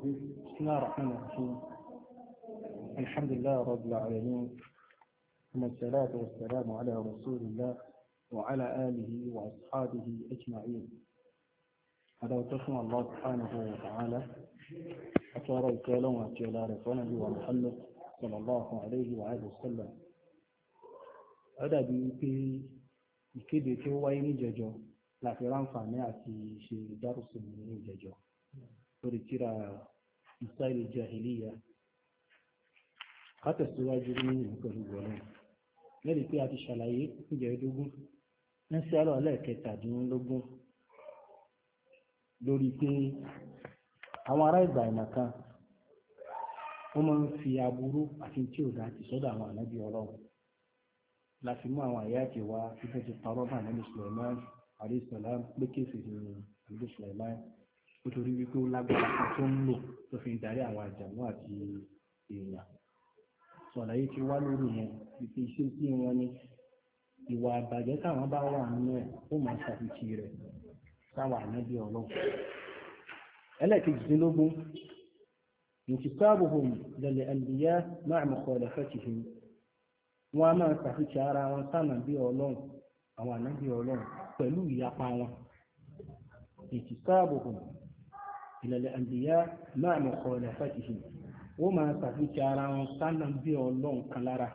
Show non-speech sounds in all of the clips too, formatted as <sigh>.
بسم الله الرحمن الرحيم الحمد لله رب العالمين ثم الصلاة والسلام على رسول الله وعلى آله وأصحابه أجمعين هذا وتسمى الله سبحانه وتعالى أتوارى الكالة على رسول ومحمد صلى الله عليه وآله وسلم هذا بيكي ìkéde tí ó wáyé níjẹjọ láti ráǹfààní àti ṣe ìdárùsùn lórí tíra ìsáìlì jahiliya látẹ̀síwájú ní ìpẹ̀lú wọlé lẹ́rìí pé a ti ṣàlàyé ìjẹ́ẹ̀dógún ní sẹ́rọ̀ ẹlẹ́ẹ̀kẹtàdínlógún lórí pé àwọn ará ìgbà ìmọ̀ kan wọ́n máa ń fi aburú àti tí ò ti sọ́dọ̀ àwọn ànábì ọlọ́run la fi mú àwọn àyà àti wa fífẹ́ ti parọ́ bá ànábì Sulaiman nítorí wípé ó lágbára kan tó ń lò tó fi ń darí àwọn àjàmú àti èèyàn sọ̀làyé ti wá lórí yẹn ìfi iṣẹ́ sí wọn ni ìwà àbàjẹ́ táwọn bá wà nínú ẹ̀ ó máa ṣàfihàn rẹ̀ sáwà ànábì ọlọ́run ẹlẹ́ẹ̀kejìdínlógún انتصابهم للأنبياء مع مخالفتهم wọn a máa ṣàfihàn ara wọn sáànà bí ọlọ́run àwọn ànábì ọlọ́run pẹ̀lú ìyapa wọn انتصابهم إلى الأنبياء مع مخالفتهم وما سفيك أران سنة بيولون كلارا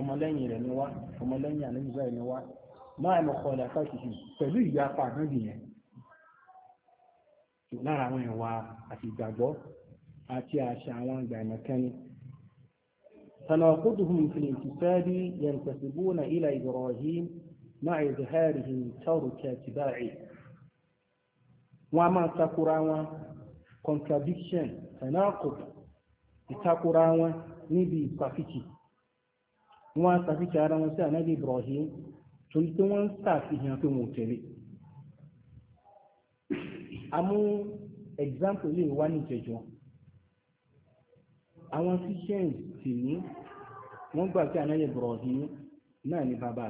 ọmọlẹ́yìn rẹ̀ ni wá ọmọlẹ́yìn àlẹ́yìn rẹ̀ ni wá máa mọ̀ kọ́ ọ̀dà fásitì pẹ̀lú ìyapa àgbẹ̀bì yẹn lára àwọn ìwà àti ìgbàgbọ́ àti àṣà àwọn àgbàmọ̀ kẹ́ni تناقضهم في الانتساب ينتسبون إلى إبراهيم مع إظهارهم ترك اتباعه wọn a máa takora wọn contradiction tanakub ìtakora wọn níbi ìpàfíkì wọn a sàfíkì ara wọn sí ànábì Ibrahim torí pé wọn ń sàfihàn pé wọn ò tẹ̀lé àmú example lè wá ní ìjẹjọ àwọn christians sì ní wọn gbà pé Ibrahim náà ní bàbá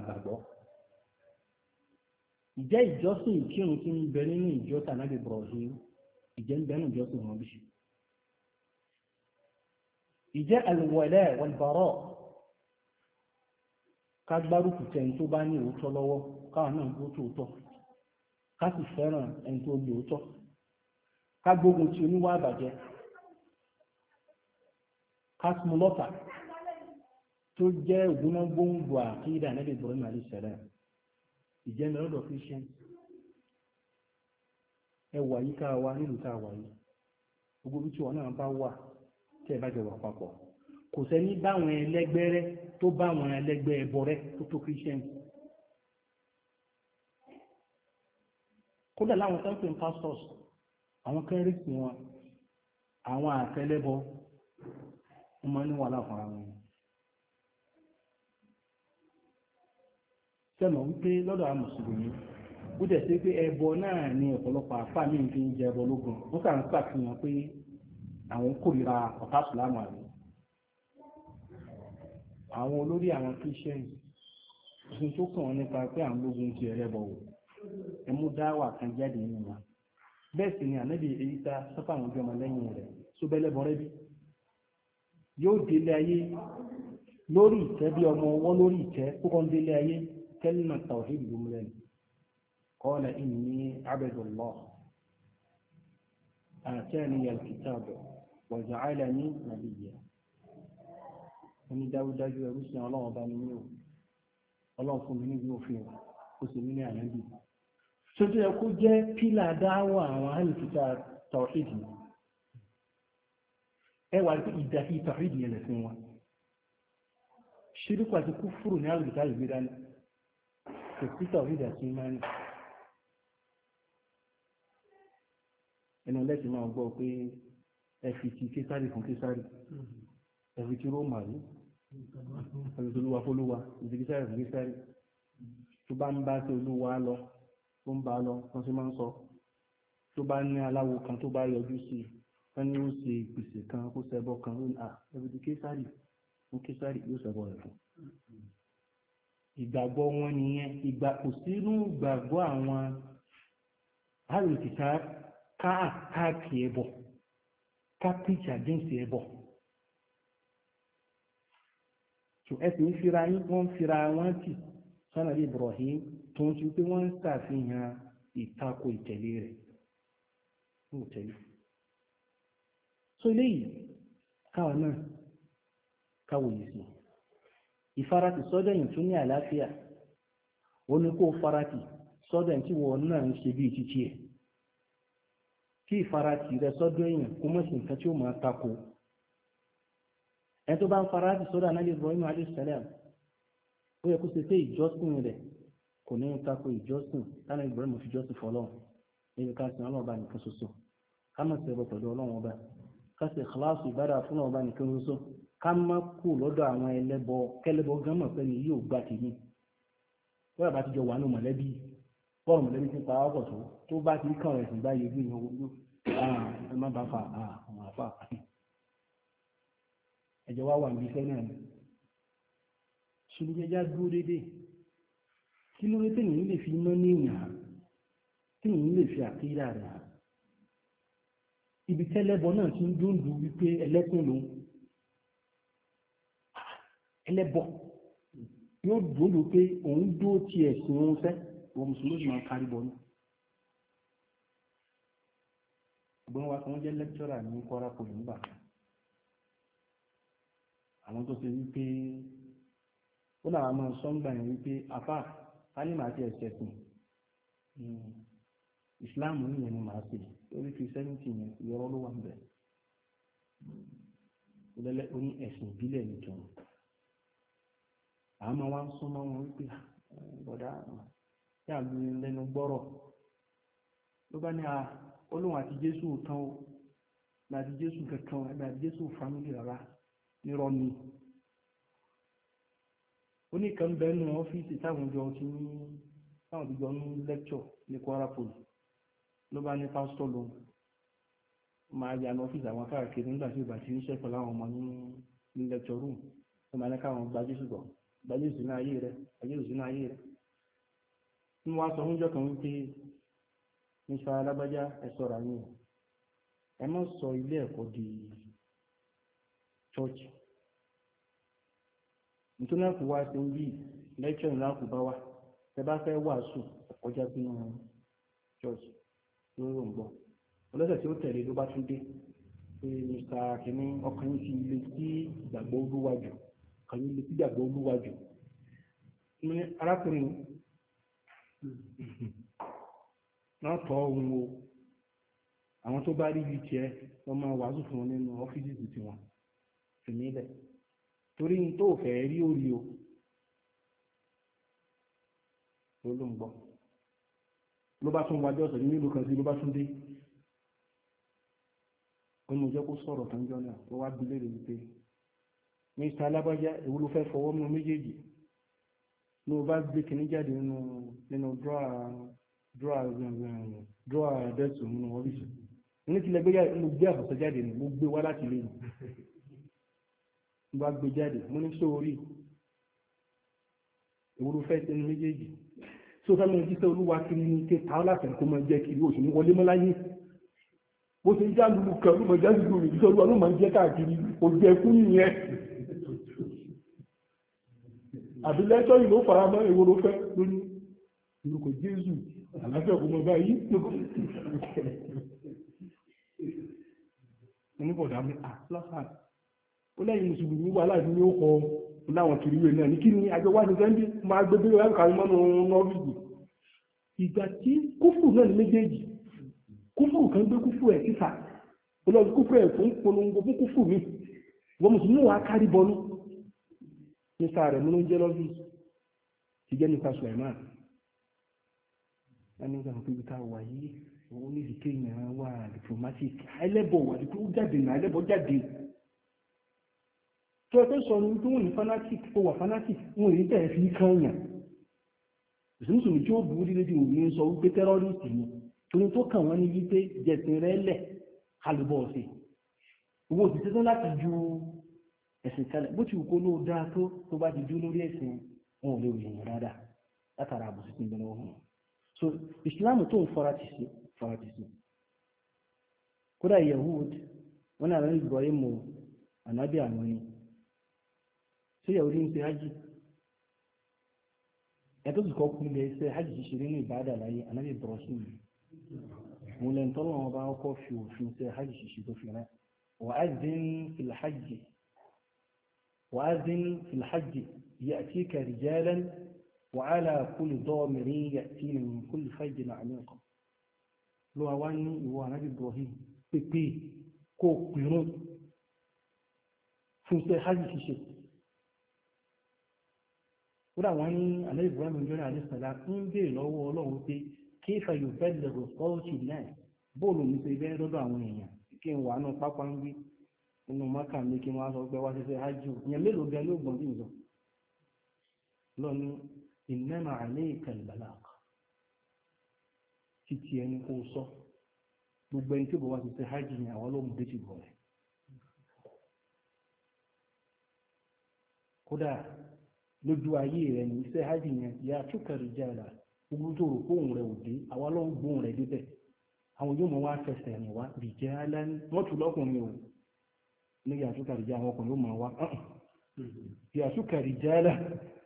ìjẹ́ ìjọsìn ìkírun tí ń bẹ nínú ìjọ tànàbí Ibrahim ìjẹ́ ń bẹ nínú ìjọsìn wọn bí ṣe ìjẹ́ alwala walbara ká gbárùkù tó bá ní òótọ́ lọ́wọ́ káwọn náà ó tó ká sì fẹ́ràn ẹni tó lè òótọ́ tó jẹ́ ìjẹ́mi lọ́dọ̀ christian ẹwà yìí ká wa nílùú tá a wà yìí gbogbo bí tí wọn náà bá wà tẹ́ ẹ bá jọ wà papọ̀ kò sẹ́ni báwọn ẹlẹ́gbẹ́ rẹ tó báwọn ẹlẹ́gbẹ́ ẹbọ rẹ tó tó christian kódà láwọn tó ń pè ní pastors àwọn kẹrìsì wọn àwọn àtẹlẹbọ wọn máa ń ní wàhálà fúnra wọn sẹ́mọ̀ wípé lọ́dọ̀ àwọn mùsùlùmí ó dẹ̀ sí pé ẹbọ náà ni ọ̀pọ̀lọpọ̀ àfà mi fi ń jẹ ẹbọ lógun ó kà ń ṣàfihàn pé àwọn kórìíra ọ̀tá sùlámù àrí àwọn olórí àwọn kírísítẹ́nì òfin tó kàn wọ́n nípa pé àwọn lógun ti ẹlẹ́bọ wò ẹ mú dáwà kan jáde nínú wa bẹ́ẹ̀ sì ni ànábì èyí ta sọ́fà àwọn ọmọ lẹ́yìn rẹ̀ tó bẹ́lẹ́bọ rẹ́ bí yóò délé ayé lórí ìtẹ́ bí ọmọ ọwọ́ lórí ìtẹ́ kókó ń délé ayé كلمة توحيد جملة قال إني عبد الله آتاني الكتاب وجعلني نبيا ẹni dájúdájú ẹrú sí ọlọ́run ọba ni yóò ọlọ́run fún mi níbi òfin ó sì nílé ànábì tó tó yẹ kó jẹ́ pílà dáwọ̀ àwọn àìsíta tọ̀hídì ẹwà ìdàkí tọ̀hídì yẹn lẹ̀sìn wọn ṣíríkù àti kúfùrù ní àìsíta ìgbéra náà kò sí tọ̀hídì àti ìmánì ẹnu lẹ́sìn máa gbọ́ pé ẹ fi ti késàrì fún késàrì ẹ fi ti róòmà rí ẹ fi ti olúwa fólúwa ẹ fi késàrì fún késàrì tó bá ń bá sí olúwa lọ tó ń bá lọ kan sí máa ń sọ tó bá ní aláwo kan tó bá yọjú sí wọn ni ó ṣe ìpèsè kan kó ṣẹbọ kan ó ní à ẹ fi ti késàrì fún késàrì yóò ṣẹbọ rẹ fún ìgbàgbọ́ wọn nìyẹn ìgbà kò sínú ìgbàgbọ́ àwọn alòkìtà ká àkáàkì ẹbọ ká píìtì àdínsì ẹbọ tó ẹ sì ń fira yín wọ́n ń fira wọn tì sọ́nà bí Ibrahim tó ń ti pé wọ́n ń ṣàfihàn ìtako ìtẹ̀lé rẹ̀ ń tẹ̀lé so eléyìí káwọn náà káwòye sí i ìfaratì sọ́dọ̀ yìí tún ní àlàáfíà ó ní kó faratì sọ́dọ̀ yìí tí wọ́n náà ń ṣe bí títí ẹ̀ kí ìfaratì rẹ sọ́dọ̀ yìí kó mọ̀ sí nǹkan tí ó máa tako ẹni tó bá ń faratì sọ́dọ̀ anábì Ibrahim alayhisalam ó yẹ kó ṣe pé ìjọsìn rẹ̀ kò ní tako ìjọsìn tánà Ibrahim fi jọ́sìn fọlọ́run níbi ká sin ọlọ́ọ̀bá nìkan ṣoṣo ká mọ̀ sí ẹbọ pẹ̀lú ọlọ́run ọba ká sì kìláàsì ìbára fún ọlọ́ọ̀bá nìkan ṣoṣo ká má kú lọ́dọ̀ àwọn ẹlẹ́bọ kẹlẹ́bọ gan mọ̀ pé ni yóò gbà tèmi wọ́n yàrá ti jọ wà ní mọ̀lẹ́bí bọ́ọ̀lù mọ̀lẹ́bí ti pa ọkọ̀ tó tó bá ti kàn ẹ̀sìn báyìí ojú ìyẹn owó ah, ẹ má bá fa àwọn àfa ẹ̀jọ̀ wá wà níbi iṣẹ́ náà ṣùgbọ́njẹ́já dúró déédéé kí ló dé téèyàn lè fi iná ní ìyàn hàn téèyàn lè fi àkíyà rẹ̀ ibi tẹ́lẹ́bọ náà ti ń dúndùn wípé ẹlẹ́kùn lòun ẹlẹ́bọ yóò dúró pé òun dúró ti ẹ̀sìn òun fẹ́ òun mùsùlùmí máa kárí bọ́ ní. ọgbọ́n wa kan jẹ́ lẹ́kítọ́rà ní Kwara poli nígbà kan àwọn tó ṣe wípé ó làwọn máa sọ ń gbà yẹn wípé apá tani màá ti ẹ̀sẹ̀ sìn hmm. Islam nìyẹn ni màá ṣe lórí kìrìsẹ́nìtì yẹn ìyọrọ ló wà ń bẹ̀ ó ní ẹ̀sìn ìbílẹ̀ nìkan àmọ́ wá ń súnmọ́ wọn wípé ah, bọ̀dá tí a lu lẹ́nu gbọ́rọ̀ ló bá ní a ah, olóhùn àti jésù tán o láti jésù kankan ẹgbẹ́ àti jésù fámílì rárá nírọ́ ni oníkan bẹ́ẹ̀nu ọ́fíìsì táwọn jọ ti ní táwọn ti jọ ní lẹ́kṣọ̀ ní Kwara poli ló bá ní pásítọ̀ lòun máa yà ní ọ́fíìsì àwọn káàkiri nígbà tí ìgbà tí ń ṣẹ́kọ̀ọ́ láwọn ọmọ ní lẹ́kṣọ̀ rúùmù ó máa ní káwọn gba jésù gbọ̀ngàn gbàyé ìsìn ayé rẹ̀ gbàyé ìsìn ayé rẹ̀ ń wá sọ fún jọkàn wípé sọ ilé ẹ̀kọ́ di chọọchị nítorí náà kò wá sí orí lẹ́kṣọ̀n náà kò bá wá bá fẹ́ wàásù ọkọjá sínú chọ́ọ̀chì lórí ọlọ́sẹ̀ tí ó tẹ̀lé ló bá tún dé pé mr kàyọ́ lè tí gbàgbọ́ olúwa jù mo ní arákùnrin náà <laughs> tọ́ ohun o àwọn tó bá rí ibi tiẹ̀ wọ́n máa wàásù fún wọn nínú ọ́fíìsì tiwọn fìmí lẹ̀ torí ní tó fẹ́ rí orí o ló ló ń gbọ́ ló bá tún wájú ọ̀sẹ̀ nílùú kan sí ló bá tún dé ó ní jẹ́ kó sọ̀rọ̀ tán jọ náà ó wá gbilé rẹ̀ wípé mr alágbájá èwo ló fẹ́ fọwọ́ mú méjèèjì ló bá gbé kìíní jáde nínú nínú draw dẹ́tù nínú ọ́fíìsì ní tilẹ̀ gbé jáde mo gbé àfọ̀sọ jáde ni mo gbé wá láti lè mo bá gbé jáde mo ní sóorí èwo ló fẹ́ sínú méjèèjì sóòtá lóyún títẹ́ olúwa kiri ní ké ta láti kó máa jẹ́ kiri òṣèlú wọlé mọ́láyé bó ṣe já lulu kan ló máa já lulu rẹ̀ títẹ́ olúwa ló máa jẹ́ káàkiri òjò ẹkún nìyẹn àbí lẹ́tọ́ ìlú faramọ́ èwo ló fẹ́ lónìí ìlú kò jésù àlàáfíà kò mọ báyìí oníbọ̀dà mi àfúláfà ah, ó lẹ́yìn mùsùlùmí wà láti ní ó kọ láwọn kìrìwé náà ní kí ni àjọ wá ní sẹ́ńdí máa gbé bí wọ́n kàrí mọ́nu nọ́ọ̀rìgì ìgbà tí kúfù náà ní méjèèjì kúfù kan gbé kúfù ẹ̀ síta olóòtú kúfù ẹ̀ fún polongo fún kúfù mi wọ́n mùsùlùmí wà á kárí bọnú mr rẹ̀ múlò ń jẹ́ lọ́fíìsì ti jẹ́ mr suleiman ẹni gbà pé ibi a wà yìí òun ní ìdíkẹ́ ìyẹn wà diplomatic ẹlẹ́bọ̀ wà dípò ó jáde náà ẹlẹ́bọ̀ jáde tó ẹ fẹ́ sọ ní wípé wọ́n ní fanatic kó wà fanatic wọ́n ní tẹ̀ fi kàn yàn ìsúnsùn tí ó burú dídé tí òun ní sọ wípé tẹ́rọ́rìsì ni torí tó kàn wọ́n ní wípé jẹ̀sìn rẹ̀ lẹ̀ kálíbọ̀ ọ̀sẹ̀ owó òtítẹ́ ẹ̀sìn kalẹ̀ bó ti kó lóò dáa tó tó bá ti dú lórí ẹ̀sìn wọn ò lè rìn yàn rárá látara àbùsí tí ń bẹ lọ́wọ́ so islam tó ń fara ti sí fara ti sí kódà yahud wọn náà lọ́nà ibrahim o ànábì àwọn ni ṣé yahudi ń ṣe hajj ẹ̀tọ́ sì kọ́ kún bẹ́ẹ̀ ṣe hajj ṣiṣẹ́ nínú ìbáàdà láyé ànábì ibrahim mo lẹ́ntọ́ lọ́wọ́ bá kọ́ fi òfin ṣe hajj ṣiṣẹ́ tó fi rẹ̀ wà dín fìlà hajj وأذن في الحج يأتيك رجالا وعلى كل ضامر يأتين من كل فج عميق ló wá ní ìwọ ànábì Ibrahim pépé kó pìrún fún iṣẹ́ hajj ṣíṣe kódà wọ́n ní ànábì Ibrahim ìjọra àdìsàlá ń béèrè lọ́wọ́ Ọlọ́run pé kí fàyò bẹ́ẹ̀ lẹ̀rọ pọ́ọ̀tì náà bóòlù mi ṣe bẹ́ẹ̀ lọ́dọ̀ àwọn èèyàn kí n wà nù pápá ń gbé nínú maka ní kí wọ́n sọ pé wá ṣiṣẹ́ hajj yẹn mélòó gan ló gbọ́n bí ìjọ lọ́ni ìnáma àlẹ́ ìkàlùbàlà títí ẹni kó sọ gbogbo ẹni tí kò wá ṣiṣẹ́ hajj ni àwọn olóòmùdé ti bọ̀ rẹ̀ kódà lójú ayé rẹ̀ ní iṣẹ́ hajj yẹn ìyá àtúkàrí jára gbogbo tó rò pé òun rẹ̀ ò dé àwọn olóòmùgbò rẹ̀ débẹ̀ àwọn yóò mọ̀ wá fẹsẹ̀ rìn wá bìjẹ́ alẹ́ wọ́n tún lọ́kùnrin òun ní yàtúkà rìjá àwọn ọkùnrin ó máa wá yàtúkà rìjá là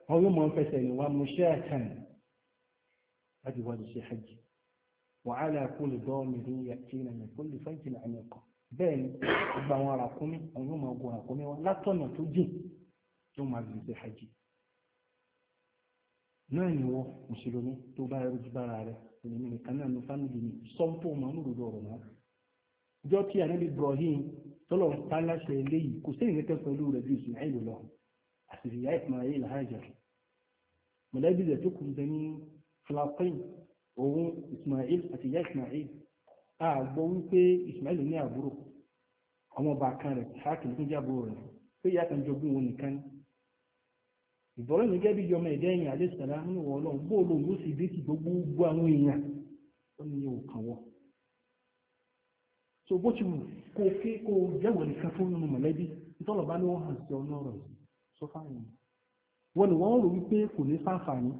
wọn yóò máa fẹsẹ̀ ní wa mo ṣe àtàn láti wá ṣe hajj wàhálà kó lè dọ́ mi ní yàtí ìlànà kó lè fẹ́ǹtì ní àmì ọkọ̀ bẹ́ẹ̀ ni gbogbo àwọn arákùnmí àwọn yóò máa gun arákùnmí wa látọ̀nà tó jìn tó máa fi ṣe hajj náà ni wọ́n mùsùlùmí tó bá rẹ̀ jù bára rẹ̀ òní nìkan náà ní fámìlì ni sọ́ńtò máa lọ́rọ̀ náà ìjọ tí ànábì tọ́lọ̀ ń pa láṣẹ eléyìí kò sí ìrẹ́kẹ́ pẹ̀lú rẹ̀ bí ya lọ àti ìyá ìpínlẹ̀ ilẹ̀ hajar mọ̀lẹ́bí rẹ̀ tó kùn ní flapain òun ismail àti ìyá ismail a gbọ́ wípé ismail ní àbúrò àwọn ọba kan rẹ̀ sáàkìlì fún jábọ̀ rẹ̀ pé ìyá kan jogún nìkan ìbọ̀rọ̀ ní gẹ́bí yọmọ ẹ̀dẹ́ alẹ́ so bó ti wù kó ké kó jẹ́wọ̀ nìkan fún nínú mọ̀lẹ́bí ìtọ́lọ̀bá ní wọ́n hàn sí ọ̀nà ọ̀rọ̀ sọ fáyìn wọn ni wọ́n rò wípé kò ní sáǹfààní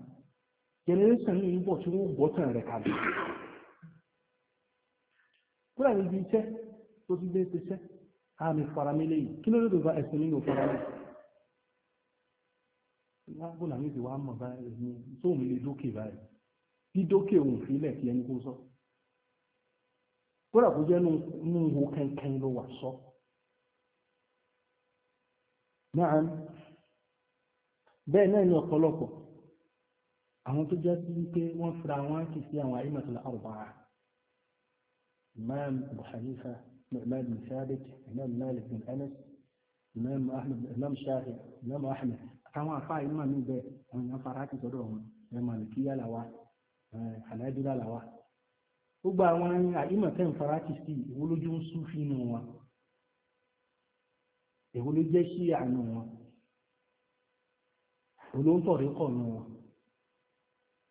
generation ní ìbọ̀ tí wọ́n gbọ́ tàn rẹ̀ kàlẹ̀ kúrò níbi iṣẹ́ tó ti gbé ṣiṣẹ́ àmì faramílẹ̀ yìí kí ló lè dòba ẹ̀sìn nínú faramílẹ̀ lágbóná mi ti wá mọ̀ báyìí tó mi lè dókè báyìí bí dókè òun fi lẹ̀ kí ẹni kó sọ kódà kó jẹ́ ní ihò kankan ló wà sọ náà bẹ́ẹ̀ náà ni ọ̀pọ̀lọpọ̀ àwọn tó jẹ́ sí wípé wọ́n fura wọn kì sí àwọn àìmọ̀tòlá àrùbára imam abu hanifa imam bin sabit imam malik bin anas imam ahmed imam shafi imam ahmed àwọn afá imam bẹ́ẹ̀ àwọn èèyàn fara kì sọ́dọ̀ wọn ẹ̀ malikiya làwa ẹ̀ gbogbo àwọn àyímọ̀tẹ́ ìfarati sí ìwó lójú ń sún fínú wọn èwo ló jẹ́ sí àánú wọn èwo ló ń tọ̀ rí kọ̀ọ̀nù wọn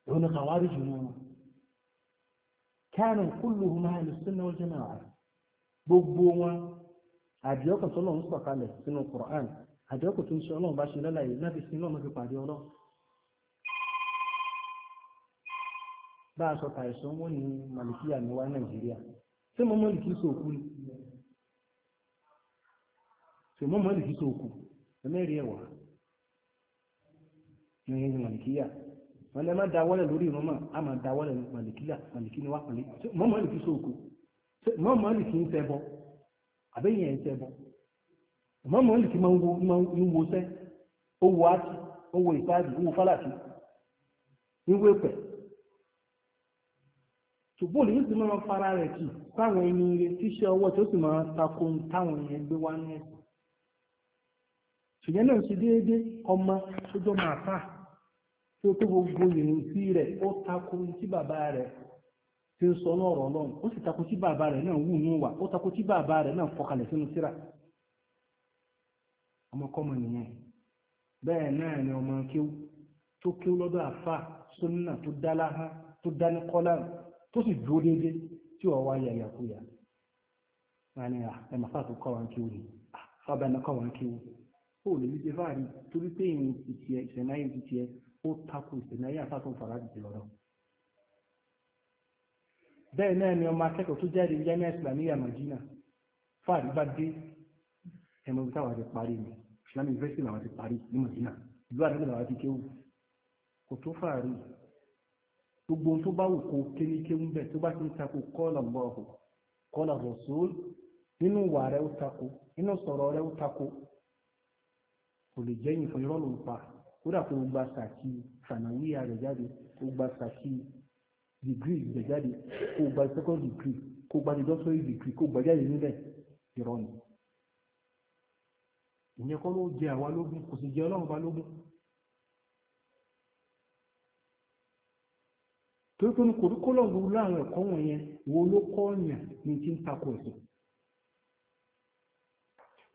èwo ni kàwárí jù wọn kánù kulluhum ahlu sunna wal jamaa gbogbo wọn àdìọ́kọ̀ tó lọ́n ń sọ̀kalẹ̀ sínú Qur'an àdìọ́kọ̀ tó ń ṣe ọlọ́run bá ṣe lọ́la yìí láti sin lọ́nà fi pàdé ọlọ́run bá a sọ tàìsàn wọ́n ní màlìkíyà ní nàìjíríà tí mo mọ́ ìkí sóòkú tí mo mọ́ ìkí sóòkú ẹ̀wà ní màlìkíyà lórí a ni wá pẹ̀lú mọ́ mọ́ ìkí sóòkú mọ́ mọ́ ìkí ń fẹ́ bọ́ àbẹ́yìn ẹ̀ ń fẹ́ bọ́ mọ́ mọ́ máa ń wo wo ṣùgbọ́n olùyìn sì máa fara rẹ̀ kì sáwọn ẹni rẹ̀ tíṣẹ́ ọwọ́ tó sì máa tako táwọn yẹn gbé wá ní ẹ̀sìn ṣùgbọ́n náà ṣe déédéé ọmọ tó jọ máa fà tó tó gbogbo ìrìn sí tako bàbá ti ń sọ náà ọ̀rọ̀ ọlọ́run ó sì tako tí bàbá rẹ̀ náà wù ní wà ó tako tí bàbá rẹ̀ náà fọkalẹ̀ sínú síra ọmọkọ́mọ nìyẹn bẹ́ẹ̀ náà ni tó sì dúró déédéé tí wọ́n wá yàyà kúyà wọ́n ní ẹ̀mà sáà tó kọ́ wọn kí wọ́n ní sábà ẹ̀mà kọ́ wọn kí wọ́n ó lè ní jẹ́fà rí torí pé ìrìn títí ẹ ìṣẹ̀náyé títí ẹ ó takò ìṣẹ̀náyé àfàtún fàràdì ti lọ́rọ̀ bẹ́ẹ̀ náà ni ọmọ akẹ́kọ̀ọ́ tó jáde yẹ́mẹ́ ìsìlámíyà nàìjíríà fàrí bá dé ẹnu ibi táwọn ti parí ni ìsìlámì yunifásitì làwọn ti parí ní nàìjíríà ìlú àdúgbò làwọn ti kéwù kò tó fàrí gbogbo tó bá wù kó kéríké ń bẹ̀ tó bá ti ń takò kọ́ọ̀lá bọ́ọ̀hù kọ́ọ̀lá rọ̀sùn nínú ìwà rẹ̀ ó takò nínú sọ̀rọ̀ rẹ̀ ó takò kò lè jẹ́yìn fún irọ́ ló ń pa kódà kó gba sàkí sànàwíyà rẹ̀ jáde kó gba sàkí dìgírì rẹ̀ jáde kó gba second degree kó gba dọ́sọ̀rì dìgírì kó gba jáde nílẹ̀ irọ́ ìyẹn kọ́ ló jẹ àwa lógún kò sì jẹ ọlọ́run ba lógún torí pé ní curriculum gbogbo láwọn ẹ̀kọ́ wọ̀nyẹn wo ló kọ́ ọ̀yàn ní ti ń takò ẹ̀sìn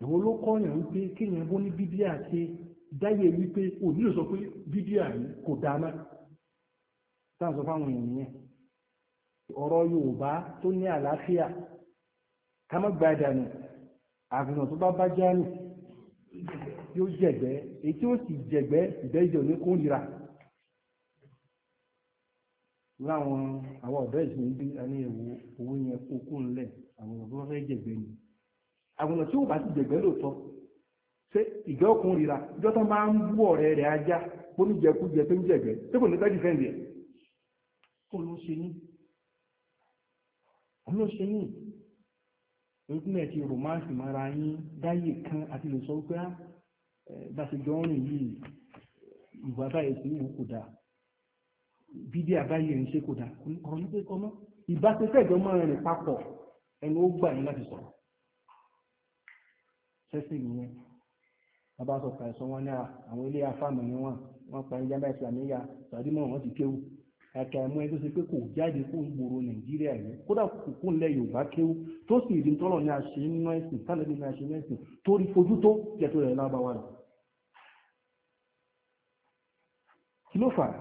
ìwọ ló kọ́ ọ̀yàn wípé kéèyàn bó ní bíbíà ṣe dáyé wípé òní lè sọ pé bíbíà yìí kò dáa mọ́ táwọn sọ fáwọn èèyàn yẹn ọ̀rọ̀ Yorùbá tó ní àlàáfíà ká má gba ìdànù àfihàn tó bá bá jáàmì yóò jẹ̀gbẹ́ èyí tí ó sì jẹ̀gbẹ́ ìbẹ́jọ ní kó nira. láwọn àwọn ọ̀dọ́ ìsìn bí ẹni ẹ̀wọ̀ owó yẹn kó kó àwọn ọ̀dọ́ fẹ́ jẹ̀gbẹ́ ni àwọn ọ̀nà tí ó bá ti jẹ̀gbẹ́ lóòótọ́ ṣé ìgbẹ́ ọkùnrin rira ìjọ tó máa ń bú ọ̀rẹ́ rẹ̀ ajá bó ní jẹkújẹ tó ń jẹ̀gbẹ́ tí kò ní ẹ̀ kó ló ṣe ní bídí àbáyé ẹ̀ ń ṣe kò dà ọ̀rọ̀ ní pé ọmọ ìbáṣepẹ̀ ìjọmọ́ rẹ̀ papọ̀ ẹni ó gbà yín láti sọ̀rọ̀ sẹ́sì nìyẹn bàbá sọ pàì sọ wọn ní àwọn ilé afáàmù ni wọn wọn pa ìjàmbá ìsìlámíyà sàdímọ̀ wọn ti kéwù ẹ̀ka ẹ̀mọ́ ẹgbẹ́ sọ pé kò jáde kó ń gbòòrò nàìjíríà yìí kódà kókó ńlẹ̀ yorùbá kéwù tó sì ìdí tọ́lọ̀ ní àṣẹ nínú ẹ̀sìn tálẹ́bí ní àṣẹ ẹ̀sìn tó rí fojú tó jẹ́ tó rẹ̀ lábáwá rẹ̀ kí ló fà á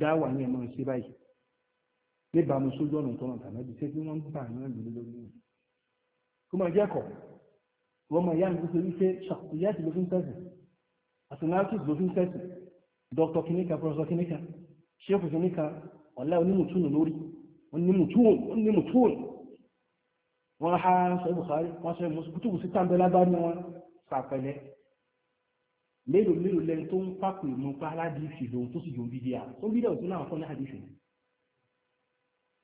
dáwà ní ẹ̀mọ́ ṣe báyìí níbàámu sójú ọ̀nà tọ́nà tàbí ṣé tí wọ́n ń bà náà lórí lórí rẹ̀ kó máa jẹ́ ẹ̀kọ́ wọ́n máa yá ní pípé wípé ṣàkóyáàtì ló fi ń tẹ̀sìn àtúnáàtìs ló fi ń tẹ̀sìn dr kìnìkà pọ̀rọ̀sọ kìnìkà ṣéèfù kìnìkà ọ̀lá onímùtúnù lórí onímùtúnù wọ́n há sọ́yìn buhari wọ́n sọ́yìn mọ́sùkútùbù sí tàǹbẹ̀lágbá ní wọn sàpẹ̀lẹ̀ mélòó mélòó lẹ́nu tó ń pàpò ìmọ̀ pa aládìsí lòun tó sì yòó bídíà ó bídíà òtún náà fún ní àdìsí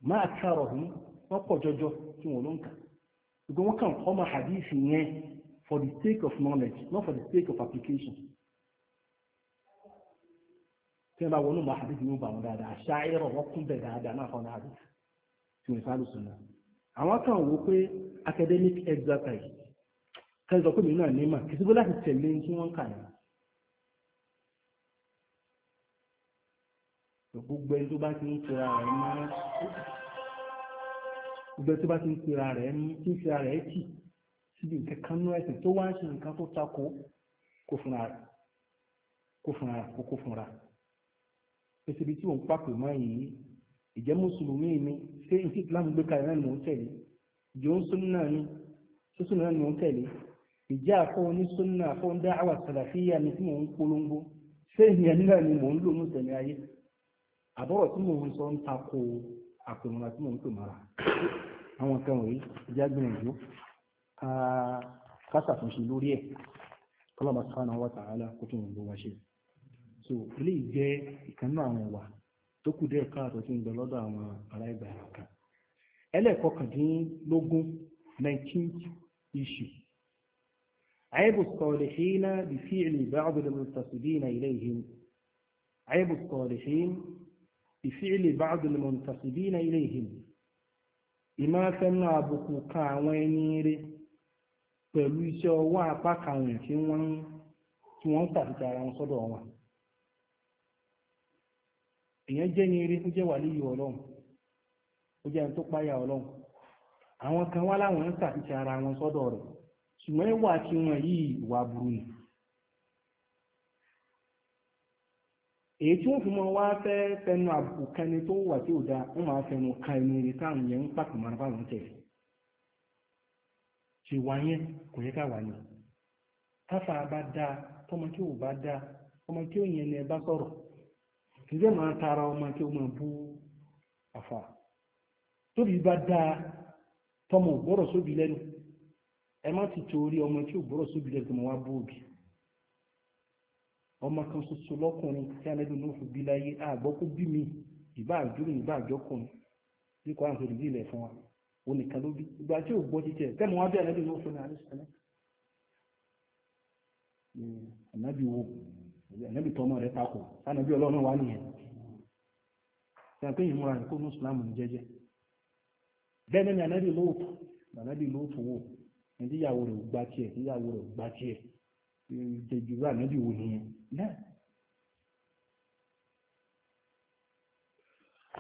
máa kárọ̀ ọ̀hún wọ́n pọ̀ jọjọ tí wọ́n ló ń kà ṣùgbọ́n wọ́n kàn ọmọ àdìsí yẹn for the sake of knowledge not for the sake of application tí wọ́n bá wọnú mọ́ àdìsí ní ó bá wọn dáadáa àṣà ẹ̀rọ wọ́n kún bẹ̀ dáadáa náà fún àdìsí tí wọ́n ìfàlù sùn náà àwọn kan wò pé academic exercise kẹ́ńtọ́ pé mi náà ní mà kìsìgbó láti tẹ̀lé tí wọ́n ń kà náà gbogbo ẹni tó bá ti ń pera rẹ̀ ní gbogbo ẹni tó bá ti ń pera rẹ̀ ní tí ń pera rẹ̀ tì síbi nǹkan kan nú ẹ̀sìn tó wá ń ṣe nǹkan tó takò kó fúnra rẹ̀ fúnra rẹ̀ fúnra pèsè ibi tí òun pàpè mọ́ yìí ìjẹ́ mùsùlùmí mi ṣé ìtì ìsìlámù gbé kalẹ̀ náà ni mò ń tẹ̀lé ìjọ ń sún náà ni sísún náà ni mò ń tẹ̀lé ìjẹ́ àfọ́ onísún náà àfọ́ dá àwà sàlàfíà ni tí mò ń polongo ṣé ìyẹn náà ni mò ń lò ní ìsẹ̀mí ayé àbọ̀rọ̀ tí mò ń sọ ń tako àpèmọ̀ra tí mò ń pè mọ́ra àwọn nǹkan wọ̀nyí ìjà gbìyànjú kásàtúnṣe lórí ẹ̀ kọ́lọ́mà subhanahu wa ta'ala kó tún gbogbo wa ṣe so eléyìí jẹ́ ìkan náà àwọn ìwà tó kù díẹ̀ káàtó tí ń bẹ lọ́dọ̀ àwọn ará ìgbà kan ẹlẹ́ẹ̀kọkàndínlógún 19th issue عيب الصالحين بفعل بعض المنتصبين إليهم عيب الصالحين بفعل بعض المنتسبين إليهم ìmá fẹ́nu àbùkù kan àwọn ẹni rẹ̀ pẹ̀lú awon ọwọ́ apá kan rẹ̀ tí wọ́n tí wọ́n tàbíkà ara wọn sọ́dọ̀ wọn èèyàn jẹ́ ní eré tó wà líyìí ọlọ́run ó jẹ́ tó páyà ọlọ́run àwọn kan wá láwọn ń ara wọn sọ́dọ̀ rẹ̀ ṣùgbọ́n ìwà tí wọ́n yìí burú èyí tí wọ́n fi mọ wá fẹ́ fẹnu àbùkù kẹni tó wà tí ò da wọ́n máa fẹnu ka ẹni rí táwọn yẹn ń pàtó mọ́ra báwọn tẹ̀lé ṣe wá yẹn kò yẹ ká wà ní. káfà bá dáa tọmọ tí ò bá dáa ọmọ tí ò yẹn ni ẹ bá ǹjẹ́ tara ọmọ tí ó máa bú àfà tóbi bá dáa tọmọ ò gbọ́rọ̀ sóbi lẹ́nu ẹ má ti torí ọmọ tí ò gbọ́rọ̀ sóbi lẹ́nu tó ọmọ kan ṣoṣo lọ́kùnrin tí anábì Nuhu bí láyé àgbọ́ kó bí mi ìbá àjọyìn ìbá àjọkùnrin bí kò àwọn ìdílé ilẹ̀ fún wa onìkan ló bí ìgbà tí ò gbọ́ títẹ̀ tẹ́mu wá bí anábì Nuhu ní alẹ́ sẹ́lẹ̀ anábì wo anábì tọmọ rẹ̀ takò anábì ọlọ́run wà nìyẹn sàpéyìn múra rẹ̀ kó ní Islam jẹ́jẹ́ bẹ́ẹ̀ ni anábì lóòtù anábì lóòtù wò ẹni tíyàwó rẹ̀ gbá tiẹ̀ tíyàwó rẹ̀ gbá tiẹ̀ ìjẹjúwà níbi wò لا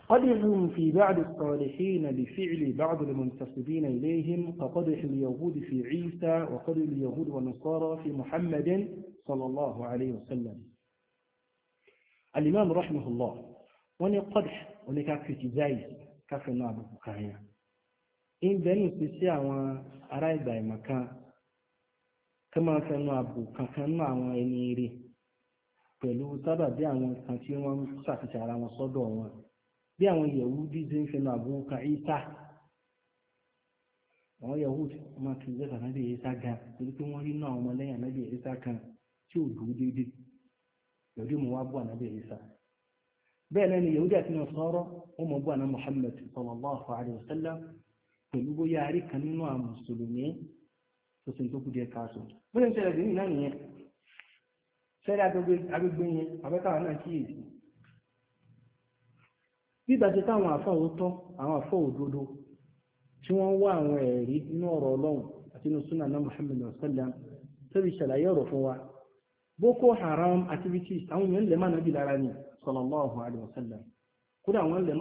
قدحهم في بعض الصالحين بفعل بعض المنتسبين إليهم كقدح اليهود في عيسى وقدح اليهود والنصارى في محمد صلى الله عليه وسلم الإمام رحمه الله وني قدح وني كافي زايس كافي نابو كايا إن بني سيسيا وأرايبا مكان tó máa ń fẹnu àbò kankan nínú àwọn ẹni eré pẹ̀lú sábàbí àwọn kan tí wọ́n ń ṣàfihàn ara wọn sọ́dọ̀ wọn bí àwọn Yahudi ṣe ń fẹnu àbò kan ìta àwọn Yahudi máa kì í lẹ́sà náà bí ìta gan torí pé wọ́n rí náà ọmọ lẹ́yìn náà bí ìta kan tí ò dúró déédéé Yahudi mo wá bọ̀ náà ìta bẹ́ẹ̀ náà ni Yahudi àti Nasara wọ́n mọ̀ bọ̀ náà Muhammad sallallahu alayhi wa sallam tó ṣe tó kù díẹ̀ káàtó bó ṣe ń ṣẹlẹ̀ lónìí náà nìyẹn ṣẹlẹ̀ agbègbè yẹn abẹ́káwà náà kíyèsí bíbá ṣe táwọn àfáà àwọn àfáà òdodo tí wọ́n wá àwọn ẹ̀rí nínú ọ̀rọ̀ ọlọ́run àti inú súnà náà sallam ṣàlàyé ọ̀rọ̀ fún wa Boko Haram activities àwọn èèyàn lè má nàbí lára ni sallallahu alaihi wa sallam àwọn lè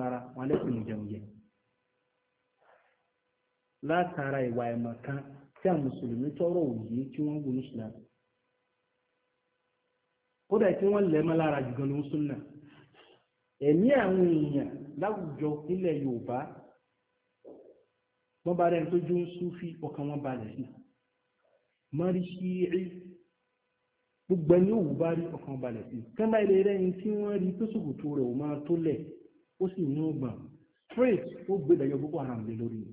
lára wọn lẹ́sìn ìjẹun jẹ látara ìwà ẹ̀mọ̀ kan tí àwọn mùsùlùmí tọrọ òye tí wọ́n wọnú islam kódà tí wọ́n lẹ́mọ́ lára jù gan ló ń súnà ẹ̀mí àwọn èèyàn láwùjọ nílẹ̀ yorùbá wọ́n bá rẹ̀ tó jó ń súfí ọkàn wọn balẹ̀ sí mọ́rí sí rí gbogbo ẹni òwú bá rí ọkàn balẹ̀ sí kánbá ilé rẹ̀ ní tí wọ́n rí tó rẹ̀ ò máa tó lẹ̀ ó sì ní ọgbà straight ó gbé ìdájọ́ Boko Haram lé lórí ni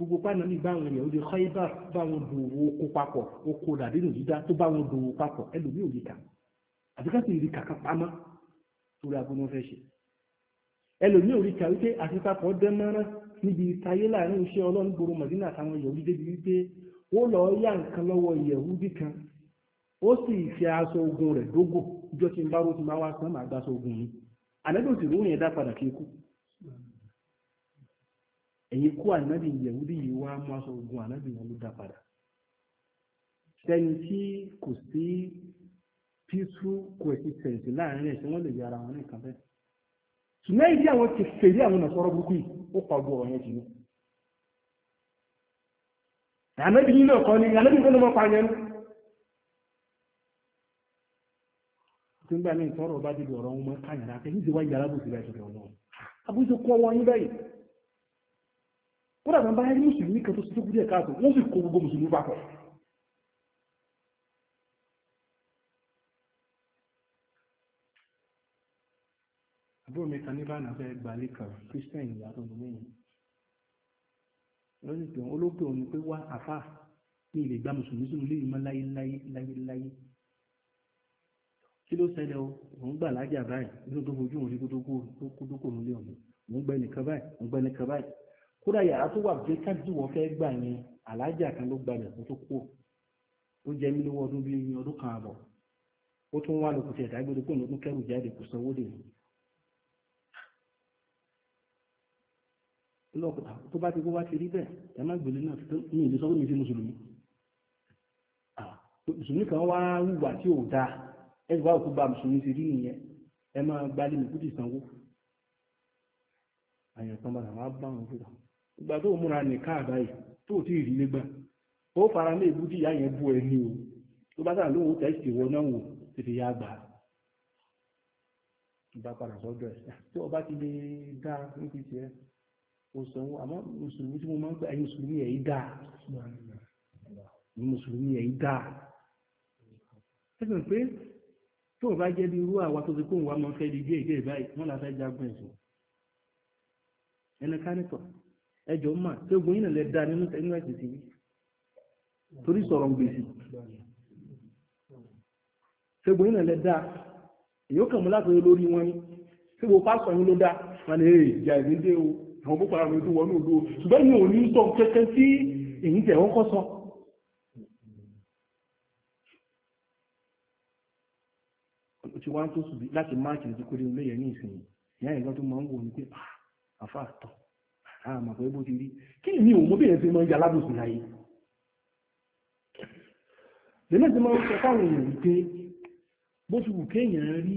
gbogbo pàánà ní báwọn èèyàn ó lè kọ́ ibà báwọn dòwò oko papọ̀ oko làdínù dídá tó báwọn dòwò papọ̀ ẹlòmíì ò lè kà àti ká sì rí kàkà pamọ́ torí agbóná fẹ́ ṣe ẹlòmíì ò lè kà wípé àtipapọ̀ dẹ́mọ́rán níbi ìtayé láàrin iṣẹ́ ọlọ́run gbòòrò mọ̀dínà àtàwọn yẹ̀wù débi wípé ó lọ yá nǹkan lọ́wọ́ yẹ̀wù bí kan ó sì fi aṣọ ogun rẹ̀ dógò ìjọ bá ró máa wá sán ẹ̀yin kó ànábì yẹ̀wúdí yìí wá mú aṣọ ogun ànábì yẹn ló dá padà sẹ́ni tí kò sí peaceful coexistence láàrin ẹ̀sìn wọ́n lè yára wọn nìkan bẹ́ẹ̀ ṣùgbọ́n ìdí àwọn ti fèrè àwọn nàṣọ́rọ́ burúkú yìí ó pa ọgbọ́n ọ̀rọ̀ jù ní. ànábì yìí náà kọ́ ni ànábì yìí náà mọ́ pa yẹn. tí ń gbà ní ìtọ́rọ̀ bá dìbò ọ̀rọ̀ wọn mọ́ káyàrá pé níṣẹ́ wá yàrá bùsùlẹ̀ ìṣòro kódà tó ń bá rí mùsùlùmí kan tó sì tó kú díẹ̀ káàtó wọ́n sì kó gbogbo mùsùlùmí papọ̀ àbúrò mi kan ní báyìí fẹ́ gba lẹ́kàn christian ìyàtọ̀ ní lẹ́yìn lọ́sì pé olóògbé òun ni pé wá àfà ní ilé ìgbà mùsùlùmí sínú ilé ìmọ̀ láyé láyé láyé láyé kí ló ṣẹlẹ̀ o òun gbà lájà báyìí nínú tó fojú òun ní kótókó kótókó òun lé òun òun gbẹ nìkan báyìí òun gbẹ nìkan báyìí kódà yàrá tó wà vékàntì wọ́n fẹ́ gbà yẹn alájà kan ló gbalẹ̀ kó tó kú ó jẹ́ mí lówó ọdún bíi ọdún kan àbọ̀ ó tún wá lóko tẹ̀ dágbére pé òun kẹrù jáde kò sanwó dè mí. lọ́kùnrin tó bá ti kó wá ti rí bẹ́ẹ̀ ẹ má gbèlé náà ní ìlú sọ́kùnrin sí mùsùlùmí mùsùlùmí kan wá wùwà tí ò dáa ẹ wá òkú ba mùsùlùmí ti rí nìyẹn ẹ máa gbálé mi kú ti sanwó àyàn kan bá làwọn á bá wọn gbéra ìgbà tó múra nìkan àbáyì tó tí ì rí légbà ó fara ní ìbú tí ìyá yẹn bú ẹni o tó bá sáà lóhun tẹ́sì wọ náà wò tètè yá gbà ìgbà padà sọ́dọ̀ ẹ̀ tí ọba ti lè dá ní ti tiẹ̀ o sọ àmọ́ mùsùlùmí tí mo máa ń gbà ẹ̀yin mùsùlùmí ẹ̀ yìí dáa ní mùsùlùmí ẹ̀ yìí dáa ẹ̀sìn pé tó bá jẹ́ bí irú àwa tó ti kóhùn wa máa fẹ́ di gé ìgé ìbáyìí wọ́n la fẹ́ jagun ẹ̀sùn ẹnìkanìtọ̀ ẹjọ́ mà tí ogun yìí lè da nínú ẹnu ẹ̀sìn sí torí sọ̀rọ̀ ń gbèsè tí ogun yìí lè da èyí ó kàn mú láti olórí wọn ni tí gbogbo pásítọ̀ yìí ló dá wọn ni èyí ìjà ìlú o àwọn bó para mi tó wọnú òdo ṣùgbọ́n mi ò ní sọ kẹ́kẹ́ sí èyí tẹ̀ wọ́n kọ́ sọ. ó ti wá ń tó sùn láti máàkì ìdíkúrẹ́ olóyè ní ìsìn ìyá ìgbọ́n tó máa ń wò ní pé ah, àfa àtọ̀ àmọ̀ pé bó ti rí kí ni òun mọ́bìnrin ti mọ́ ń ya alábòsùn láyé lẹ́lẹ́ ti máa ń sọ fáwọn èèyàn wípé bó ti wù kéèyàn rí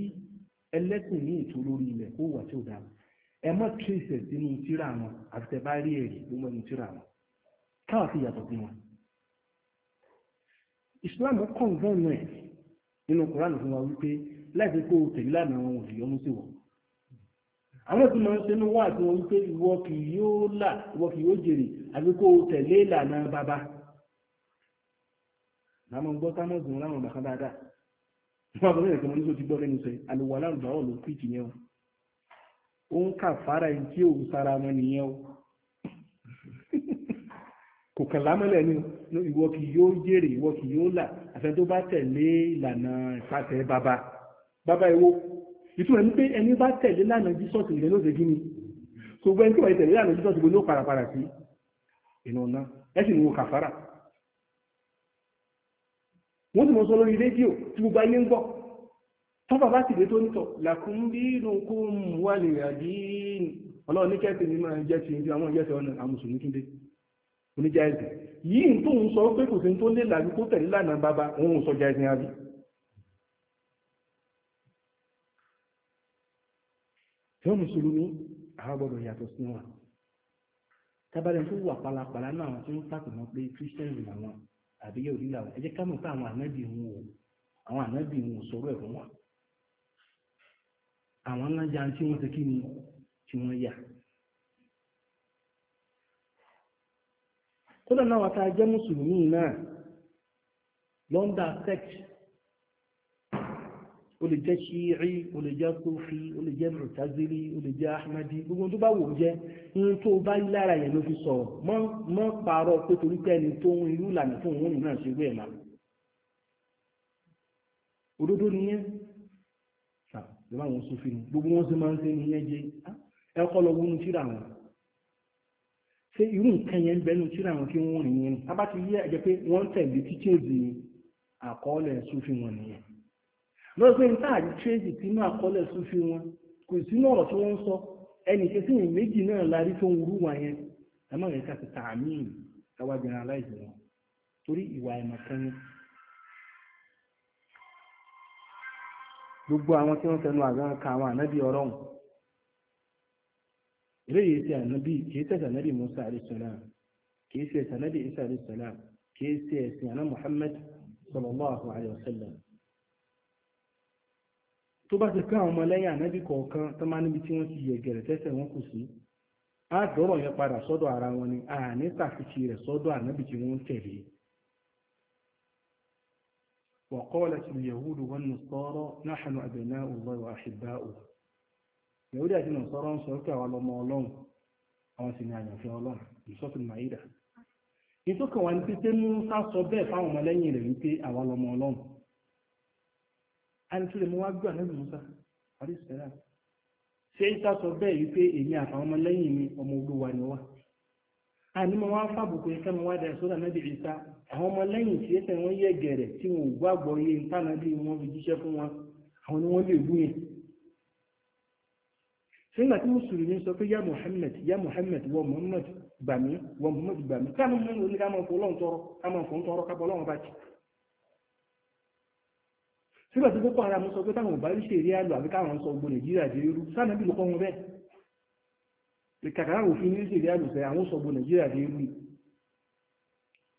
ẹlẹ́sìn ní ètò lórí ilẹ̀ kó wà tí ó dáa ẹ má tírèsẹ̀ sínú tíra wọn àti ẹ̀rí ló mọ́ ní tíra wọn káwà sí yàtọ̀ sí wọn Islam kọ̀ǹgọ́nù ẹ̀ nínú Kùránì fún wa wípé láìpẹ́ kó tẹ̀lé lánàá wọn òfìyọ́mú àwọn ìpínlẹ̀ wọn ṣe ní wọ́n àti wọn wípé ìwọ kì yóò là ìwọ kì yóò jèrè àbí kó o tẹ̀lé ìlànà bàbá láwọn gbọ́ sámọ́sùn láwọn ọ̀nà kan dáadáa wọ́n àbọ̀ lẹ́yìn ìpínlẹ̀ tó ti gbọ́ lẹ́nu sẹ àlùwà láwùjọ àwọn olùkú ìtì yẹn o ń kà fara ẹni tí òun sára wọn nìyẹn o kò kàn lámọ́lẹ̀ ni ìwọ kì yóò jèrè ìwọ kì yóò là àfẹ́ tó bá tẹ̀lé ìlànà ìpàtẹ bàbá bàbá ìwọ ìtumọ̀ ní pé ẹni bá tẹ̀lé lánà Jesus nìyẹn ló ṣe kí ni gbogbo ẹni tí wọ́n tẹ̀lé lánà Jesus gbogbo ló parapara sí inú ọ̀nà ẹ̀sìn ìwò kàfàrà wọ́n ti mọ̀ sọ lórí rédíò tí gbogbo ayé ń gbọ́ tó bàbá sì dé tó ń tọ̀ làkún bí nùkún wà lè àdí ọlọ́run ní kẹ́sì ní máa jẹ́ ti àwọn ìjẹ́sẹ̀ ọ̀nà àmùsùn túnde oníjà ẹ̀sìn yìí tó ń sọ pé kò sí tó lè làbí tó tẹ̀lé lánà bàbá òun sọ jà ẹ̀sìn àbí mùsùlùmí àwọn gbọdọ̀ yàtọ̀ sí wọn tábàlẹ̀ tó wà pàlàpàlà náà tí tó ń fàtìmọ́ pé kírísítẹ́nì làwọn àbí yóò rí làwọn jẹ́ ká mọ̀ pé àwọn ànábì wọn ò àwọn ànábì wọn ò wọn àwọn ńlá jà tí wọ́n ti kí ni tí wọ́n yà kódà ó lè jẹ́ ṣíírí ó lè jẹ́ kófí ó lè jẹ́ mùtazili ó lè jẹ́ ahmadi gbogbo tó bá wò jẹ́ ní tó bá lára yẹn ló fi sọ̀rọ̀ mọ́ mọ́ parọ́ pé torí pé ẹni tó ń irú ìlànà fún òun náà ṣe wé ẹ̀ máa òdodo nìyẹn ìjọba àwọn sófin ni gbogbo wọn sì máa ń ṣe nìyẹn jẹ ẹkọ lọ wọnú tíra wọn ṣé irú nǹkan yẹn ń bẹnu tíra wọn kí wọn rìn yẹn ni abá ti yẹ ẹjẹ pé wọn tẹ̀lé títí lọ́gbẹ́ ní táàrí tírèjì tinu àkọọ́lẹ̀ sófin wọn kò sínú ọ̀rọ̀ tí wọ́n ń sọ ẹnì kẹsí ní méjì náà larí tó ń rú wọn yẹn ẹmọ rẹ ká ti tà á míì aláìsàn wọn torí ìwà gbogbo àwọn tí wọ́n fẹnu ka àwọn ànábì ọ̀rọ̀ wọn eléyìí ti ànábì kìí ṣẹ̀ṣẹ̀ ànábì Musa kìí ànábì Isa kìí àná Muhammad sallallahu tó bá ti pé àwọn ọmọlẹ́yìn ànábì kọ̀ọ̀kan tó máa níbi tí wọ́n ti yẹ gẹ̀rẹ̀ tẹ́sẹ̀ wọn kù sí á dọ́rọ̀ yẹn padà sọ́dọ̀ ara wọn ni àní tàfitì rẹ̀ sọ́dọ̀ ànábì tí wọ́n tẹ̀lé وقالت اليهود والنصارى نحن أبناء الله وأحباؤه يهود àti Nasara ń sọ pé àwọn ọmọ Ọlọ́run àwọn sì ni àyànfẹ́ Ọlọ́run ìsọ́tún Maida ìtọ́kọ̀ wà ní pé tẹ́mú sá sọ bẹ́ẹ̀ fáwọn ọmọlẹ́yìn rẹ̀ wípé àwọn ọmọ Ọlọ́run ẹni tó lè mú wá gbé ànábì Musa àrí ṣe ń sásọ bẹ́ẹ̀ wípé èmi àtàwọn ọmọ lẹ́yìn mi ọmọ olúwa ni wá àní mo wá fàbùkù ẹ̀kẹ́ mo wá dẹ̀ sọ́dà náà bìbí sá àwọn ọmọ lẹ́yìn tí ẹsẹ̀ wọn yẹ gẹ̀rẹ̀ tí wọn ò gbọ́ àgbọ̀ yé ntànà bí wọn fi jíṣẹ́ fún wọn àwọn ni wọ́n lè bú yẹn sígbà tí mùsùlùmí sọ pé yá Muhammad yá Muhammad wọ Muhammad gbàmí wọ Muhammad gbàmí káàmù mú ní ká máa fọ ọlọ́run tọrọ ká máa fọ ń sígbà tí boko haram sọ pé táwọn ọba ṣe rí àlọ àbí káwọn sọ gbogbo nàìjíríà di rírú sáànà bí lókọ́ wọn bẹ́ẹ̀ kàkàrà òfin ní ṣe rí àlọ sẹ àwọn sọ gbogbo nàìjíríà di rírú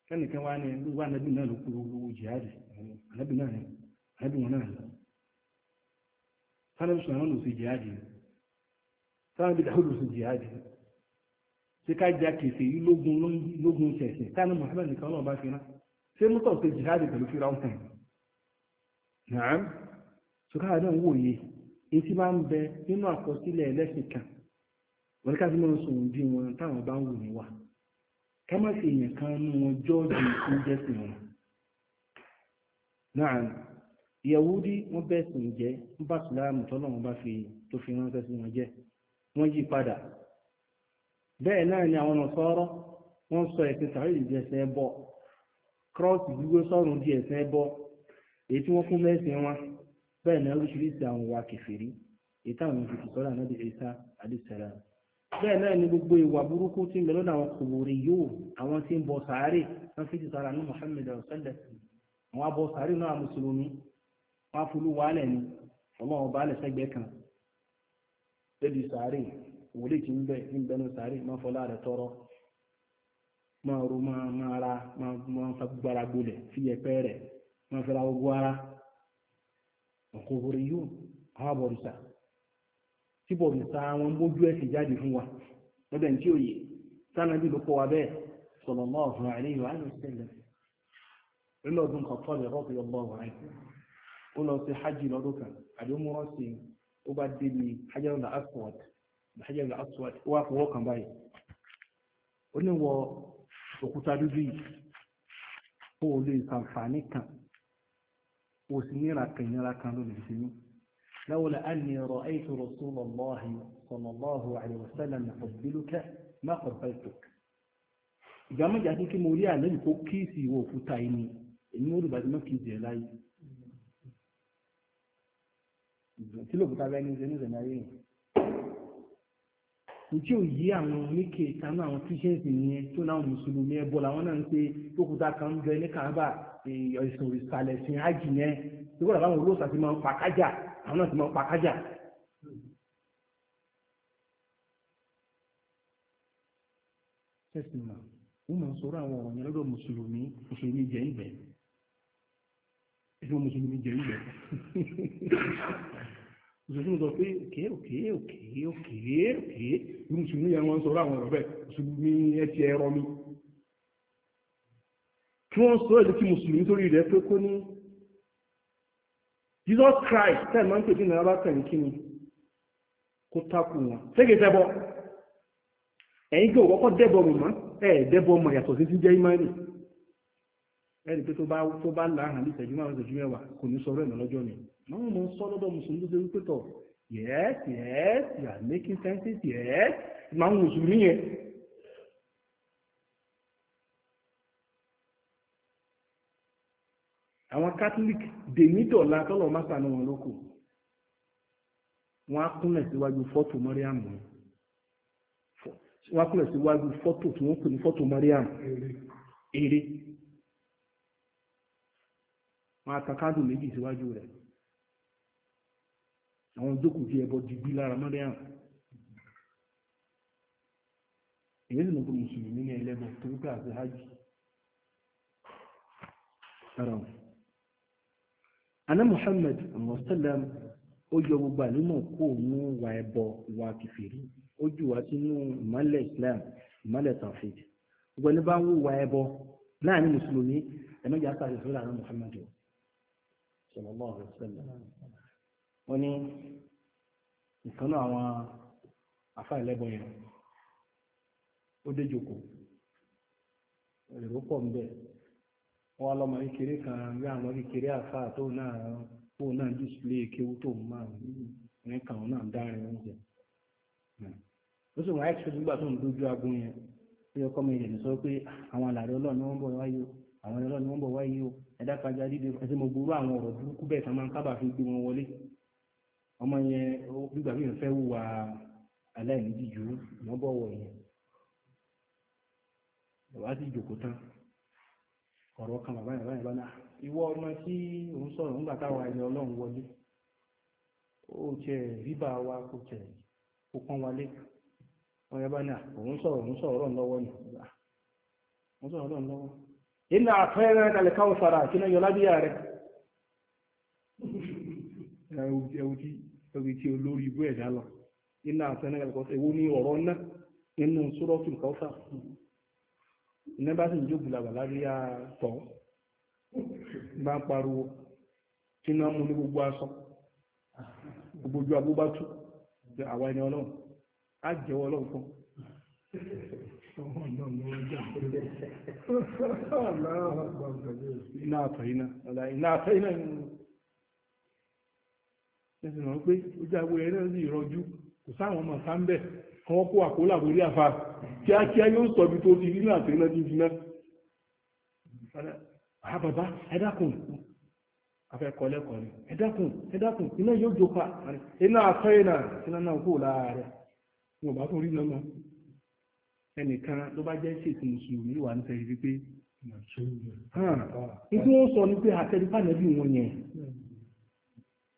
kẹ́nìkan wá ní ẹni wá nàbí náà ló kúrò owó jihadi ànábì náà ànábì wọn náà lọ sáànà sọ àwọn lòsì jihadi sáànà bí dáhùn lòsì jihadi ṣé ká já kèsè yìí lógun lógun ṣẹ̀ṣẹ̀ sáànà Muhammad nìkan náà bá fi rán ṣé mú nàám sọ́kàrà náà wòye èyí tí bá ń bẹ nínú àkọsílẹ̀ ẹlẹ́sìn kan wọ́n ká sí sùn bí wọn táwọn bá ń wa ká má sì èèyàn kan nú wọn jọ́ọ̀jì tó jẹ́ sí wọn náà Yahudi wọ́n bẹ́ẹ̀ ń bá tọ́lọ̀ wọn bá fi tó fi ránṣẹ́ sí wọn jẹ́ wọ́n yí padà bẹ́ẹ̀ náà ni àwọn wọ́n sọ ẹ̀sìn kírọ́ọ̀sì èyí tí wọ́n kún mẹ́sìn wọn bẹ́ẹ̀ náà oríṣiríṣi àwọn ìwà kẹfìrí èyí táwọn ohun tuntun sọ́dọ̀ náà bèèrè sá àdìsára bẹ́ẹ̀ náà ni gbogbo ìwà burúkú tí ń bẹ lọ́dọ̀ àwọn yóò àwọn tí ń bọ sàárè wọ́n fi ti ní àwọn abọ sàárè náà mùsùlùmí ni ọba alẹ́ sẹ́gbẹ́ kan wọn fẹ́ra ogun ara ọ̀kọ̀ ha yóò àwọn bọ̀rìṣà tí bọ̀rìṣà wọn bójú ẹ̀sìn jáde fún wa lọ́dẹ̀ tí ó yẹ sánàbí ló kọ́ wa bẹ́ẹ̀ sallallahu alaihi wa sallam lọ́dún kan tọ́lẹ̀ rọ́pì ọgbọ́ ọ̀rẹ́ ó lọ sí hajj lọ́dún kan àdéhùn sí ó bá dé ní hajarul aswad hajarul aswad ó wá fọwọ́ kan báyìí ó ní wọ òkúta dúdú yìí lè sàǹfààní وسنيرا كنيرا كانوا بالسنين لولا أني رأيت رسول الله صلى الله عليه وسلم يقبلك ما قبلتك إذا ما جاتك موليا لن كيسي وفتايني المولي بعد ما كيسي لاي تلو بتابعني زيني زيني nítí ò yí àwọn oníkè ìtànú àwọn christians nìyẹn tó láwọn mùsùlùmí ẹbọ làwọn náà ń pe lókùtà kan ń bẹ ní kàńbà ìsòrò ìsàlẹ̀ sí ájì yẹn tó kọ́ra báwọn olóòsà ti máa ń pàkájà àwọn náà ti máa ń pàkájà. sẹ́sìn mà wọ́n máa ń sọ̀rọ̀ àwọn ọ̀rọ̀ yẹn lọ́dọ̀ mùsùlùmí mùsùlùmí jẹ́ ìbẹ̀ ìṣòro mùsùlùmí jẹ́ ìbẹ̀. <laughs> òṣèlú sọ pé òkè òkè òkè òkè òkè bí mùsùlùmí yẹn wọ́n sọ̀rọ̀ àwọn ọ̀rọ̀ bẹ́ẹ̀ mùsùlùmí ẹtì ẹ̀rọ mi kí wọ́n sọ èdè tí mùsùlùmí torí rẹ̀ pé kó ní Jesus Christ tẹ́ẹ̀ máa ń pèsè ìnáwó bá tẹ̀yìn kí ni kó tákù wọn ṣége tẹ́bọ ẹ̀yin kí òkọ́kọ́ dẹ́bọ mọ̀ mọ́ ẹ̀ dẹ́bọ mọ̀ yàtọ̀ sí ti jẹ́ ìmọ̀ẹ́nì ẹ̀rì pé tó bá láhàn ní ìṣẹ́jú márùn-ún ìṣẹ́jú mẹ́wàá kò ní sọ ọ̀rọ̀ ìmọ̀lọ́jọ́ mi àwọn ọmọ sọ lọ́dọ̀ mùsùlùmí tó ṣe wípé tọ̀ yes yes you are making senses yes máa ń our yẹn. àwọn catholic to tọ́lọ̀ má sànú wọn lóko wọn á kúnlẹ̀ síwájú fọ́tò mọ́ríàmù wọn á kúnlẹ̀ síwájú fọ́tò tí wọ́n pè ní fọ́tò mọ́ríàmù eré wọn á ta káàdùn méjì síwájú rẹ̀ àwọn jókòó tí ẹbọ digbí lára mọ́ríàmù èyí sì lọ́pọ̀ mùsùlùmí ní ẹlẹ́bọ̀ torípé àti hajj ara wọn aná Muhammad amọ̀sálàm ó yọ gbogbo àlúmọ̀ kó nú wa ẹbọ wa kìfìrí ó jù wá sínú ìmọ̀lẹ̀ Islam ìmọ̀lẹ̀ tawhid gbogbo ẹni bá ń wà ẹbọ láàrin mùsùlùmí ẹ̀mẹ́jà sáré sórí àná Muhammad sallallahu alaihi wasallam wọ́n ni ìkànnà àwọn afá ìlẹ́bọn yẹn ó dé jòkó èrò pọ̀ ń bẹ̀ wọ́n á lọ́mọ kékeré kan rí àwọn kékeré afá to náà tó náà dìsílé kéwú tó máa ní kàn náà dárin oúnjẹ ó sì wọ́n nígbà agun yẹn ó yẹ ìrìn sọ pé àwọn ọlọ́run ni wọ́n bọ̀ wáyé o àwọn ọlọ́run ni wọ́n bọ̀ wáyé o ẹ̀dá kan jáde mo ọmọ yẹn gbígbà bí fẹ́ wúwa aláìní jíjú wọ́n bọ̀ wọ̀ yẹn bàbá ti jòkó tán ọ̀rọ̀ kan bàbá yẹn báyìí bá ah, ìwọ ọmọ tí òun sọ̀rọ̀ nígbà táwa ẹni ọlọ́run wọlé ó tiẹ̀ wa kò tiẹ̀ kó pọ́n lórí tí olórí ibú ẹ̀dá lọ iná àtẹnà ẹ̀kọ́ ewu ní ọ̀rọ̀ náà nínú sọ́rọ́tù kọ́sà iná bá sì ń jó gbùlàgbà lárí àtọ̀ bá ń pariwo tí iná mú ní gbogbo aṣọ gbogbo ojú abúbátú àwa ẹni ọlọ́run á jẹ́wọ́ ọlọ́run fún iná àtọ̀ iná iná àtọ̀ iná ẹ̀sìn náà pé ojú agbo ẹ̀rẹ́ sì rọjú kò sáwọn ọmọ ká ń bẹ̀ kọ́ kó àkólà lórí àfa kíákíá yóò sọ ibi tó ti rí náà tẹ́lẹ̀ ti jiná. àbàbá ah, ẹ̀dákùn afẹ́kọ̀ọ́ lẹ́kọ̀ọ́ ni ẹ̀dákùn ẹ̀dákùn iná yóò jópa iná afẹ́ iná iná náà kò láàárẹ̀ wọn bá tó rí náà mọ́ ẹnìkan ló bá jẹ́ ṣètò mùsùlùmí wà nítorí pé nítorí ah, wọn sọ ní pé àtẹrípànẹ́bí wọn yẹn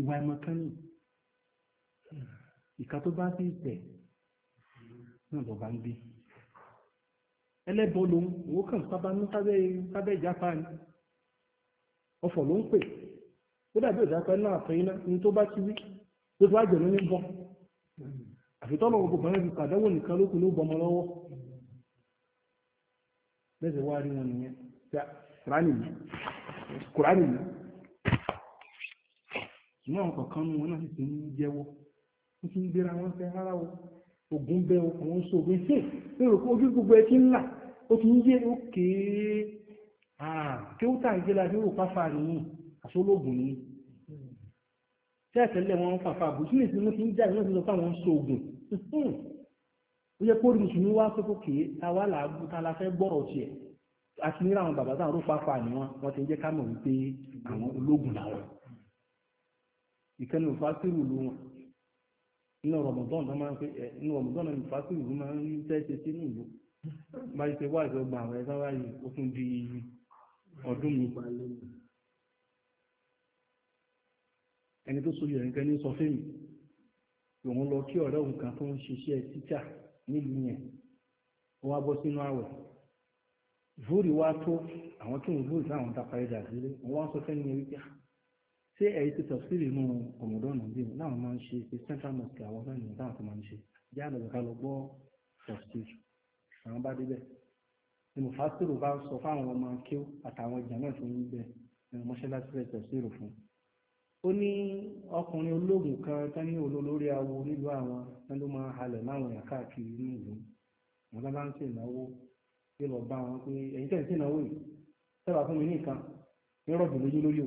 ìwà ìmọ̀kánì ìka tó bá sí ìtẹ̀ náà lọ́ba ń gbé ẹlẹ́bọ̀ lòun òun kàn sábà ní sábẹ́ ìjápa ni ọ̀fọ̀ ló ń pè ó dàbí ìjápa náà àtọ̀yìn náà ní tó bá ti wí tó tó àjẹ̀lú ní bọ́ àfitọ́nà gbogbo àwọn ìfipà àdáwò nìkan lókun ló bọmọ lọ́wọ́ lẹ́sẹ̀ wá rí wọn nìyẹn kùránì yìí ṣùgbọ́n àwọn kọ̀ọ̀kan nínú wọn náà sì ti ń jẹ́wọ́ ó ti ń gbéra wọn fẹ́ rárá o ògùn bẹ àwọn oṣù ògùn sí lérò pé ojú gbogbo ẹ ti ń là ó ti ń yé òkè kéwútà ń gbéra bí òpá fa nìyí àṣọlógùn ni tí àtẹlẹ wọn fàfà bù sí nìsín wọn ti ń jáde wọn ti fáwọn oṣù ògùn hmm. ó yẹ kó mùsùlùmí wá pé kò ta wá làágùn ta la fẹ́ gbọ́rọ̀ tiẹ̀ àti nílò àwọn bàbá táwọn ló fàfà ni wọn wọn ti jẹ́ ká mọ̀ wípé àwọn ológun làwọn ìkànnì ìfásírù ló wọn inú Ramadan náà máa ń pè ẹ inú Ramadan náà ìfásírù ló máa ń tẹ́ ṣe sí ní ìlú bá ṣe wá ìjọba àwọn ẹ̀ka wáyé ó tún di ọdún mi ẹni tó so yẹn nǹkan ní sọ fún mi òun lọ kí ọ̀rẹ́ òun kan tó ń ṣiṣẹ́ títà nílùú yẹn ó wá bọ́ sínú àwẹ̀ vóòrì wá tó àwọn tó ń vóòrì sáwọn tapayé dà sílé wọ́n wá sọ fẹ́ni wípé ah, ṣé ẹ̀yí ti tafsiri inú ọmọdọ́nà bí láwọn máa ń ṣe ṣe central mosque àwọn ọ̀sán ìlú táwọn tó máa ń ṣe jẹ́ àlọ́bẹ̀ ká lọ gbọ́ tafsiri àwọn bá débẹ̀ ni mufasiru bá sọ fáwọn ọmọ akéw àtàwọn ìjà náà tó ń bẹ ẹnu mọ́ṣáláṣí rẹ̀ tafsiri fún ó ní ọkùnrin ológun kan tán ní olólórí awo nílùú àwọn tán ló máa halẹ̀ láwọn èèyàn káàkiri inú ìlú wọn bá bá ń ṣe ìnáwó yóò lọ bá wọn pé ẹ̀yin tẹ̀ ń ṣe ìnáwó yìí sábà fún mi ní nǹkan ní rọ̀bì lójú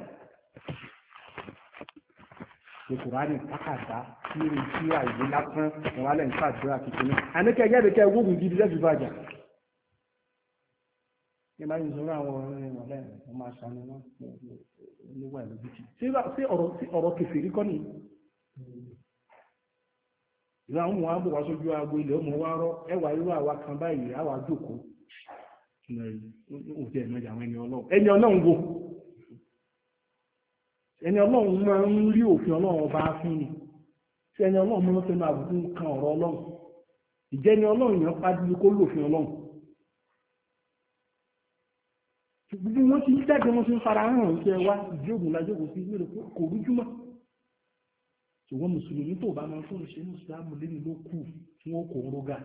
ṣe kùránì kákàdá tí ó ń tí àìlè lásán wọn wá lẹ́yìn fàdúrà tuntun náà àníkẹ́ ẹ̀yẹ́ ìdíkẹ́ wóògùn gidi lẹ́bi bàjá ní bá yìí sọ́rọ̀ àwọn ọ̀rẹ́ ìrọ̀lẹ́ wọn máa ṣàánú wọn níwà ìlójútì sí ọ̀rọ̀ kẹfìrí kọ́ ni ìlà àwọn àwọn àbòwá sójú agbo ilẹ̀ ọmọ wa rọ ẹwà irú àwa kan báyìí àwa jókòó òfin ẹ̀mẹ́jà àwọn ẹni ọlọ́run ẹni ọlọ́run wo ẹni ọlọ́run máa ń rí òfin ọlọ́run ọba fún ni tí ẹni ọlọ́run máa ń fẹnu àbùkù kan ọ̀rọ̀ ọlọ́run ìjẹ́ ni ọlọ́run yẹn pàdé kó lòfin ọlọ́run bí wọ́n ti ń jáde wọ́n ti ń fara hàn ń fẹ́ wá ìjóògùn lájóògùn sí ìwé rẹ̀ kò rújúmọ́ ṣùgbọ́n mùsùlùmí tó bá máa fọ́nà ṣe mùsùlùmí lẹ́nu ló kù tí wọ́n kò rógà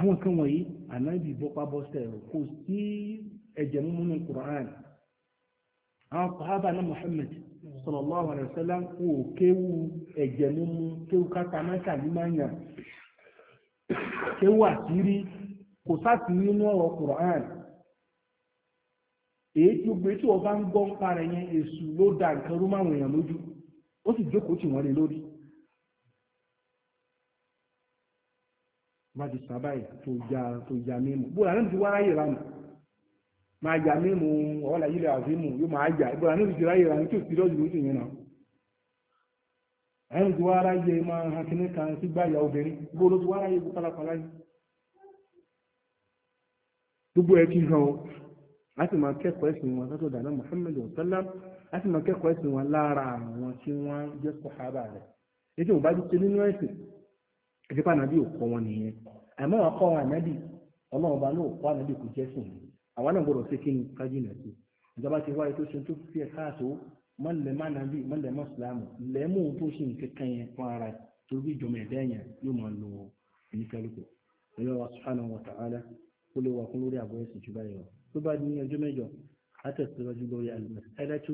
àwọn kan wọ̀nyí ànábì bọ́pá bọ́sẹ̀ kò sí ẹ̀jẹ̀ múmú ní Kùránì àwọn sàhábà náà Muhammad sallallahu wa wasallam kú kewu kéwú ẹ̀jẹ̀ mímú kéwú kátamáta ní máyà kéwú àtírí kò sáti nínú ọ̀rọ̀ Qur'an èyí tí ó gbé tí wọ́n bá ń gbọ́ ń parẹ́ yẹn ló da nǹkan rú máwọn èèyàn lójú ó sì jókòó tì wọ́n lé lórí ya mímú máa jà mímu ọ̀la yìí lè àfihàn yóò máa jà ìgbọ́ra níbi tí ráyè àwọn tí ò sí lọ́jọ́ náà ẹ̀yìn tí wá ráyè máa hàn kí ní kan sí gbáyà obìnrin gbọ́dọ̀ tí wá ráyè kó kálápàlá yìí gbogbo ẹ̀ fi hàn láti máa kẹ́kọ̀ọ́ ẹ̀sìn wọn látọ̀ dáná Muhammad sallam láti máa kẹ́kọ̀ọ́ ẹ̀sìn wọn lára àwọn tí wọ́n jẹ́ sọ̀hábà rẹ̀ ètò ìbá ti ṣe nínú ẹ̀sìn ìdípa ànábì ò kọ́ wọn nìyẹn àmọ́ àkọ́ ànábì ọlọ́run ọba náà kọ́ ànábì kò jẹ́ sìn ní àwọn náà gbọ́dọ̀ sí kí ni kájínà sí ìjọba ti wáyé tó ṣe tó fi ẹ̀ káàtó mọ́lẹ̀ má nàbí mọ́lẹ̀ má sùlámù lẹ́mú tó ṣe nǹkan yẹn fún ara torí ìjọba ẹ̀dá yẹn yóò máa lo oníkálukú ẹ̀yọ́ wa subhanahu wa ta'ala kó lè wà fún lórí àbọ̀ ẹ̀sìn jù báyìí tó bá ní ọjọ́ mẹ́jọ àtẹ̀síwájú lórí al-mas'alatu